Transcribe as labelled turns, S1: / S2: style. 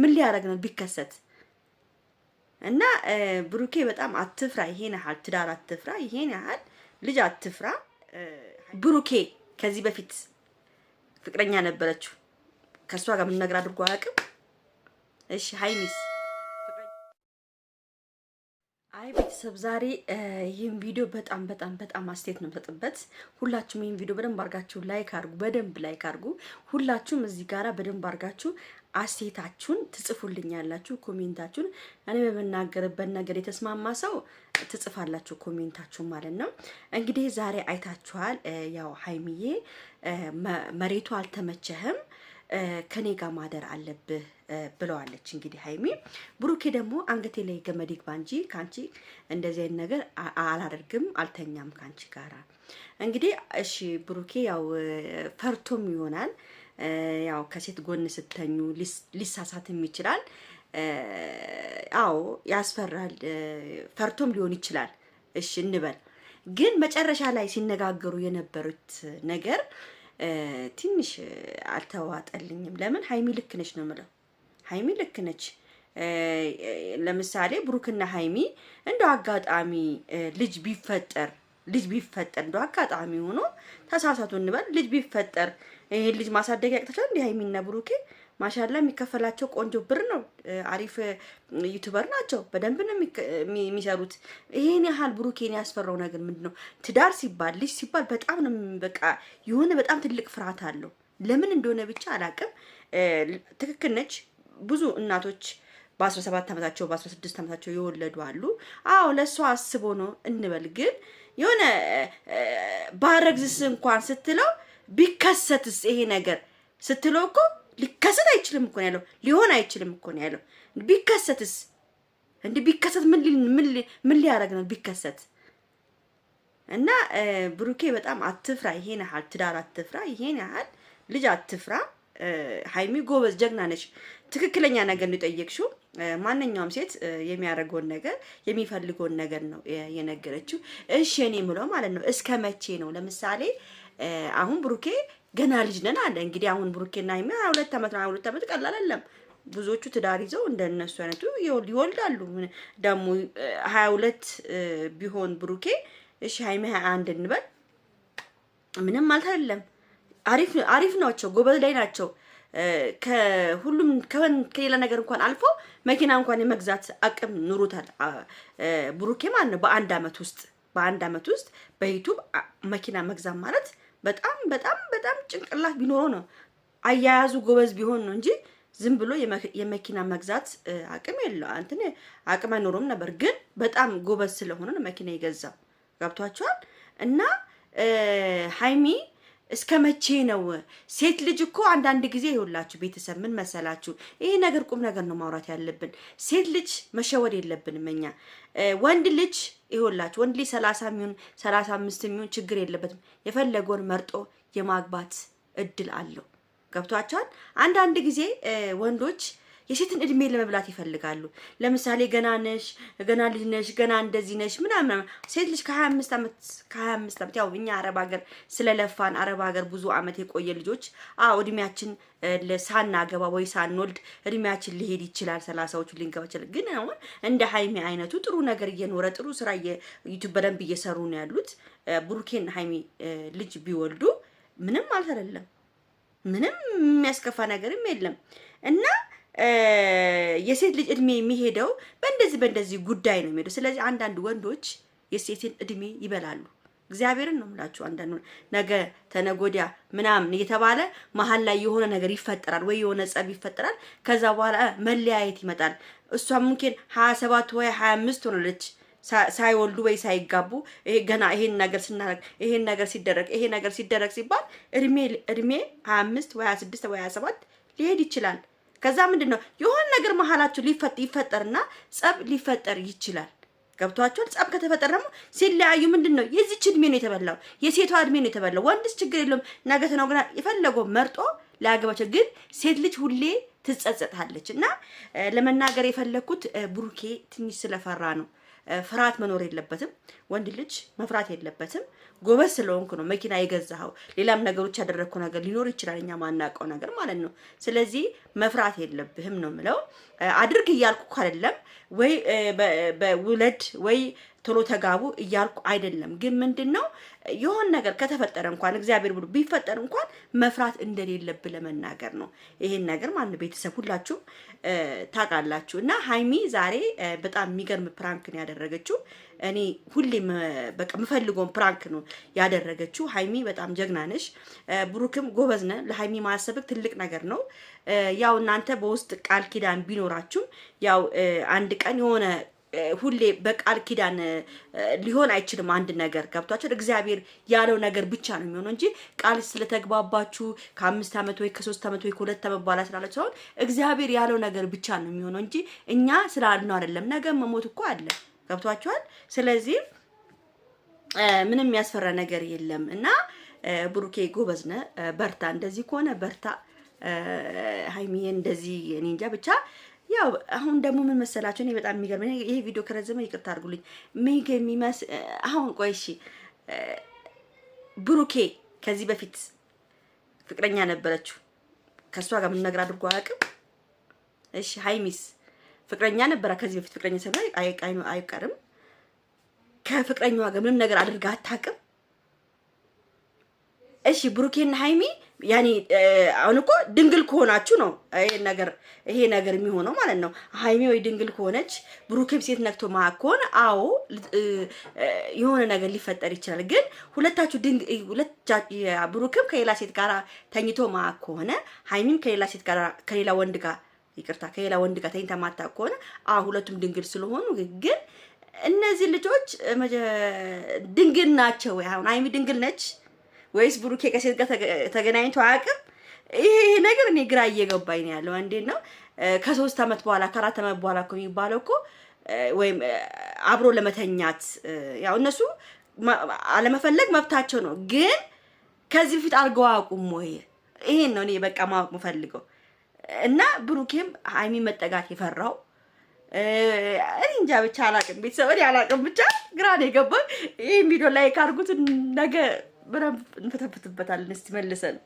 S1: ምን ሊያደርግ ነው ቢከሰት? እና ብሩኬ በጣም አትፍራ፣ ይሄን ያህል ትዳር አትፍራ፣ ይሄን ያህል ልጅ አትፍራ። ብሩኬ ከዚህ በፊት ፍቅረኛ ነበረችው ከእሷ ጋር ምን ነገር አድርጎ አያውቅም። እሺ ሀይሚስ? አይ ቤተሰብ ዛሬ ይህን ቪዲዮ በጣም በጣም በጣም አስተያየት ነው የምሰጥበት። ሁላችሁም ይህን ቪዲዮ በደንብ አርጋችሁ ላይክ አርጉ፣ በደንብ ላይክ አርጉ። ሁላችሁም እዚህ ጋራ በደንብ አርጋችሁ አሴታችሁን ትጽፉልኛላችሁ። ኮሜንታችሁን እኔ በምናገርበት ነገር የተስማማ ሰው ትጽፋላችሁ ኮሜንታችሁን ማለት ነው። እንግዲህ ዛሬ አይታችኋል። ያው ሀይሚዬ መሬቱ አልተመቸህም ከኔ ጋር ማደር አለብህ ብለዋለች። እንግዲህ ሀይሚ ብሩኬ ደግሞ አንገቴ ላይ ገመድ ይግባ እንጂ ከአንቺ እንደዚህ አይነት ነገር አላደርግም፣ አልተኛም ከአንቺ ጋራ። እንግዲህ እሺ ብሩኬ ያው ፈርቶም ይሆናል ያው ከሴት ጎን ስተኙ ሊሳሳትም ይችላል። አዎ ያስፈራል፣ ፈርቶም ሊሆን ይችላል። እሺ እንበል። ግን መጨረሻ ላይ ሲነጋገሩ የነበሩት ነገር ትንሽ አልተዋጠልኝም። ለምን ሀይሚ ልክ ነች ነው የምለው። ሀይሚ ልክ ነች። ለምሳሌ ብሩክና ሀይሚ እንደው አጋጣሚ ልጅ ቢፈጠር ልጅ ቢፈጠር እንደው አጋጣሚ ሆኖ ተሳሳቱ እንበል፣ ልጅ ቢፈጠር ይሄን ልጅ ማሳደግ ያቅታችኋል? እንዲህ የሚነብሩ ኬ ማሻላ የሚከፈላቸው ቆንጆ ብር ነው። አሪፍ ዩቱበር ናቸው። በደንብ ነው የሚሰሩት። ይሄን ያህል ብሩኬን ያስፈራው ነገር ምንድን ነው? ትዳር ሲባል ልጅ ሲባል በጣም ነው በቃ የሆነ በጣም ትልቅ ፍርሃት አለው። ለምን እንደሆነ ብቻ አላቅም። ትክክል ነች። ብዙ እናቶች በ17 ዓመታቸው በ16 ዓመታቸው የወለዱ አሉ። አዎ ለእሷ አስቦ ነው እንበል። ግን የሆነ ባረግዝስ እንኳን ስትለው ቢከሰትስ ይሄ ነገር ስትለው እኮ ሊከሰት አይችልም እኮ ነው ያለው። ሊሆን አይችልም እኮ ነው ያለው። ቢከሰትስ እንዲህ ቢከሰት ምን ሊያደርግ ነው ቢከሰት እና ብሩኬ በጣም አትፍራ፣ ይሄን ያህል ትዳር አትፍራ፣ ይሄን ያህል ልጅ አትፍራ። ሀይሚ ጎበዝ ጀግና ነች። ትክክለኛ ነገር ነው የጠየቅሽው። ማንኛውም ሴት የሚያደርገውን ነገር የሚፈልገውን ነገር ነው የነገረችው። እሺ እኔ የምለው ማለት ነው እስከ መቼ ነው? ለምሳሌ አሁን ብሩኬ ገና ልጅ ነን አለ እንግዲህ አሁን ብሩኬና ሀይሚ ሀያ ሁለት ዓመት ነው። ሀያ ሁለት ዓመት ቀላል አይደለም። ብዙዎቹ ትዳር ይዘው እንደነሱ አይነቱ ይወልዳሉ። ደግሞ ሀያ ሁለት ቢሆን ብሩኬ እሺ ሀይሚ ሀያ አንድ እንበል ምንም ማለት አይደለም። አሪፍ ናቸው፣ ጎበዝ ላይ ናቸው። ከሁሉም ከሌላ ነገር እንኳን አልፎ መኪና እንኳን የመግዛት አቅም ኑሮታል ብሩኬ ማለት ነው። በአንድ አመት ውስጥ በአንድ አመት ውስጥ በዩቱብ መኪና መግዛት ማለት በጣም በጣም በጣም ጭንቅላት ቢኖረው ነው አያያዙ ጎበዝ ቢሆን ነው እንጂ ዝም ብሎ የመኪና መግዛት አቅም የለው እንትን አቅም አይኖረውም ነበር። ግን በጣም ጎበዝ ስለሆነ ነው መኪና የገዛው። ገብቷቸዋል እና ሀይሚ እስከ መቼ ነው? ሴት ልጅ እኮ አንዳንድ ጊዜ ይኸውላችሁ ቤተሰብ ምን መሰላችሁ፣ ይሄ ነገር ቁም ነገር ነው ማውራት ያለብን። ሴት ልጅ መሸወድ የለብንም እኛ። ወንድ ልጅ ይኸውላችሁ ወንድ ልጅ ሰላሳ የሚሆን ሰላሳ አምስት የሚሆን ችግር የለበትም። የፈለገውን መርጦ የማግባት እድል አለው። ገብቷቸዋል። አንዳንድ ጊዜ ወንዶች የሴትን እድሜ ለመብላት ይፈልጋሉ። ለምሳሌ ገና ነሽ፣ ገና ልጅ ነሽ፣ ገና እንደዚህ ነሽ ምናምን። ሴት ልጅ ከሀያ አምስት ዓመት ከሀያ አምስት ዓመት ያው እኛ አረብ ሀገር ስለለፋን አረብ ሀገር ብዙ ዓመት የቆየ ልጆች አዎ እድሜያችን ሳናገባ ወይ ሳንወልድ እድሜያችን ሊሄድ ይችላል። ሰላሳዎቹ ሊንገባ ይችላል። ግን አሁን እንደ ሀይሚ አይነቱ ጥሩ ነገር እየኖረ ጥሩ ስራ ዩቱብ በደንብ እየሰሩ ነው ያሉት። ብሩኬን ሀይሚ ልጅ ቢወልዱ ምንም አልተለለም። ምንም የሚያስከፋ ነገርም የለም እና የሴት ልጅ እድሜ የሚሄደው በእንደዚህ በእንደዚህ ጉዳይ ነው የሚሄደው። ስለዚህ አንዳንድ ወንዶች የሴትን እድሜ ይበላሉ። እግዚአብሔርን ነው የምላችሁ። አንዳንዱ ነገ ተነጎዲያ ምናምን እየተባለ መሀል ላይ የሆነ ነገር ይፈጠራል ወይ የሆነ ጸብ ይፈጠራል። ከዛ በኋላ መለያየት ይመጣል። እሷ ምንኬን ሀያ ሰባት ወይ ሀያ አምስት ሆነለች ሳይወልዱ ወይ ሳይጋቡ ገና ይሄን ነገር ስናደርግ ይሄን ነገር ሲደረግ ይሄ ነገር ሲደረግ ሲባል እድሜ እድሜ ሀያ አምስት ወይ ሀያ ስድስት ወይ ሀያ ሰባት ሊሄድ ይችላል። ከዛ ምንድን ነው የሆነ ነገር መሀላችሁ ይፈጠርና ጸብ ሊፈጠር ይችላል። ገብቷቸዋል ጸብ ከተፈጠረ ደግሞ ሲለያዩ ምንድን ነው የዚች እድሜ ነው የተበላው፣ የሴቷ እድሜ ነው የተበላው። ወንድስ ችግር የለውም ነገ ተነገና የፈለገው መርጦ ሊያገባቸው፣ ግን ሴት ልጅ ሁሌ ትጸጸታለች። እና ለመናገር የፈለግኩት ብሩኬ ትንሽ ስለፈራ ነው ፍርሃት መኖር የለበትም። ወንድ ልጅ መፍራት የለበትም። ጎበዝ ስለሆንክ ነው መኪና የገዛኸው። ሌላም ነገሮች ያደረግኩ ነገር ሊኖር ይችላል፣ እኛ ማናውቀው ነገር ማለት ነው። ስለዚህ መፍራት የለብህም ነው ምለው። አድርግ እያልኩ ካደለም ወይ በውለድ ወይ ቶሎ ተጋቡ እያልኩ አይደለም። ግን ምንድን ነው የሆን ነገር ከተፈጠረ እንኳን እግዚአብሔር ብሎ ቢፈጠር እንኳን መፍራት እንደሌለብ ለመናገር ነው። ይሄን ነገር ማን ቤተሰብ ሁላችሁ ታውቃላችሁ። እና ሀይሚ ዛሬ በጣም የሚገርም ፕራንክ ነው ያደረገችው። እኔ ሁሌም በቃ የምፈልገውን ፕራንክ ነው ያደረገችው። ሀይሚ በጣም ጀግና ነሽ፣ ብሩክም ጎበዝ ነህ። ለሀይሚ ማሰብክ ትልቅ ነገር ነው። ያው እናንተ በውስጥ ቃል ኪዳን ቢኖራችሁም ያው አንድ ቀን የሆነ ሁሌ በቃል ኪዳን ሊሆን አይችልም። አንድ ነገር ገብቷቸው እግዚአብሔር ያለው ነገር ብቻ ነው የሚሆነው እንጂ ቃል ስለተግባባችሁ ከአምስት ዓመት ወይ ከሶስት ዓመት ወይ ከሁለት ዓመት በኋላ ስላለች ሳይሆን እግዚአብሔር ያለው ነገር ብቻ ነው የሚሆነው እንጂ እኛ ስላልነው አይደለም። ነገ መሞት እኮ አለ። ገብቷቸዋል። ስለዚህ ምንም የሚያስፈራ ነገር የለም እና ብሩኬ ጎበዝነ በርታ። እንደዚህ ከሆነ በርታ። ሀይሚዬ እንደዚህ እኔ እንጃ ብቻ ያው አሁን ደግሞ ምን መሰላችሁ፣ እኔ በጣም የሚገርመኝ ይሄ ቪዲዮ ከረዘመ ይቅርታ አድርጉልኝ። የሚገርም የሚመስ አሁን ቆይ እሺ፣ ብሩኬ ከዚህ በፊት ፍቅረኛ ነበረችው ከእሷ ጋር ምን ነገር አድርጎ አያውቅም። እሺ፣ ሀይሚስ ፍቅረኛ ነበራ ከዚህ በፊት ፍቅረኛ ሰብላ አይቀርም። ከፍቅረኛዋ ጋር ምንም ነገር አድርጋ አታውቅም። እሺ ብሩኬና ሀይሚ ያኔ አሁን እኮ ድንግል ከሆናችሁ ነው ይሄ ነገር ይሄ ነገር የሚሆነው ማለት ነው። ሀይሚ ወይ ድንግል ከሆነች ብሩኬም ሴት ነክቶ ማ ከሆነ አዎ የሆነ ነገር ሊፈጠር ይችላል። ግን ሁለታችሁ ብሩኬም ከሌላ ሴት ጋር ተኝቶ ማ ከሆነ ሀይሚም ከሌላ ሴት ጋር ከሌላ ወንድ ጋር ይቅርታ ከሌላ ወንድ ጋር ተኝታ ማታ ከሆነ አዎ ሁለቱም ድንግል ስለሆኑ ግን እነዚህ ልጆች ድንግል ናቸው። አሁን ሀይሚ ድንግል ነች። ወይስ ብሩኬ ከሴት ጋር ተገናኝቶ አያውቅም? ይሄ ነገር እኔ ግራ እየገባኝ ነው ያለው። እንዴት ነው ከሶስት አመት በኋላ ከአራት አመት በኋላ እኮ የሚባለው እኮ ወይም አብሮ ለመተኛት ያው እነሱ አለመፈለግ መብታቸው ነው፣ ግን ከዚህ በፊት አድርገው አያውቁም ወይ? ይሄን ነው እኔ በቃ ማወቅ የምፈልገው። እና ብሩኬም ሀይሚ መጠጋት የፈራው እኔ እንጃ ብቻ አላቅም። ቤተሰብ እኔ አላቅም፣ ብቻ ግራ ነው የገባኝ። ይህ ቪዲዮ ላይ ካርጉት ነገ በደንብ እንፈተፍትበታለን። እስቲ መልሰን